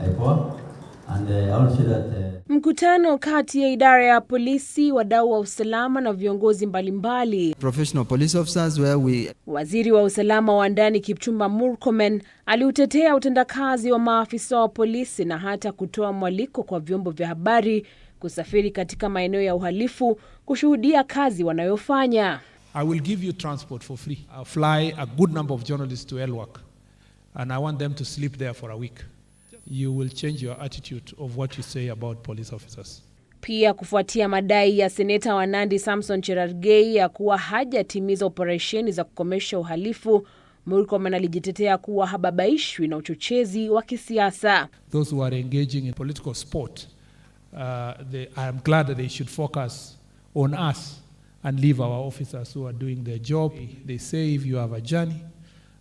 Uh, uh, Mkutano kati ya idara ya polisi, wadau wa usalama na viongozi mbalimbali. Professional police officers where we... Waziri wa usalama wa ndani Kipchumba Murkomen aliutetea utendakazi wa maafisa wa polisi na hata kutoa mwaliko kwa vyombo vya habari kusafiri katika maeneo ya uhalifu kushuhudia kazi wanayofanya. I will give you transport for free. I'll fly a good number of journalists to Elwak and I want them to sleep there for a week you will change your attitude of what you say about police officers. Pia kufuatia madai ya seneta wa Nandi Samson Cherargei ya kuwa hajatimiza operesheni za kukomesha uhalifu, Murkomen alijitetea kuwa hababaishwi na uchochezi wa kisiasa. Those who are engaging in political sport, uh, they, I am glad that they should focus on us and leave our officers who are doing their job. They say if you have a journey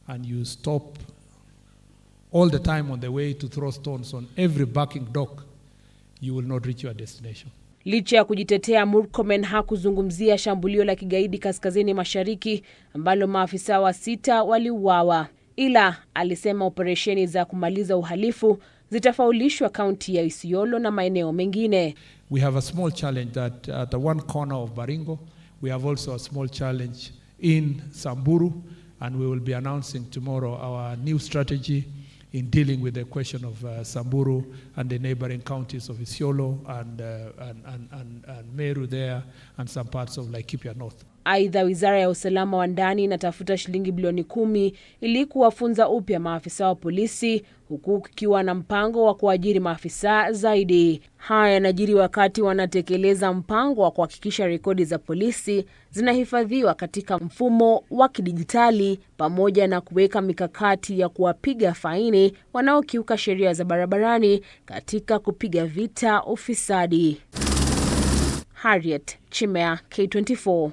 and you stop all the time on the way to throw stones on every barking dog, you will not reach your destination. Licha ya kujitetea, Murkomen hakuzungumzia shambulio la kigaidi kaskazini mashariki ambalo maafisa wa sita waliuawa, ila alisema operesheni za kumaliza uhalifu zitafaulishwa kaunti ya Isiolo na maeneo mengine. We have a small challenge that at the one corner of Baringo, we have also a small challenge in Samburu and we will be announcing tomorrow our new strategy in dealing with the question of uh, Samburu and the neighboring counties of Isiolo and, uh, and, and, and, and, Meru there and some parts of Laikipia North. Aidha, wizara ya usalama wa ndani inatafuta shilingi bilioni kumi ili kuwafunza upya maafisa wa polisi huku kukiwa na mpango wa kuajiri maafisa zaidi. Haya yanajiri wakati wanatekeleza mpango wa kuhakikisha rekodi za polisi zinahifadhiwa katika mfumo wa kidijitali pamoja na kuweka mikakati ya kuwapiga faini wanaokiuka sheria za barabarani katika kupiga vita ufisadi. Harriet Chimea, K24.